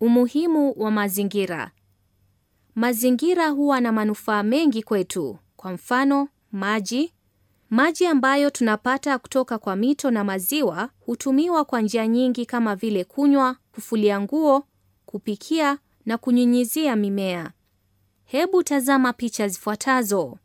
Umuhimu wa mazingira. Mazingira huwa na manufaa mengi kwetu. Kwa mfano, maji. Maji ambayo tunapata kutoka kwa mito na maziwa hutumiwa kwa njia nyingi kama vile kunywa, kufulia nguo, kupikia na kunyunyizia mimea. Hebu tazama picha zifuatazo.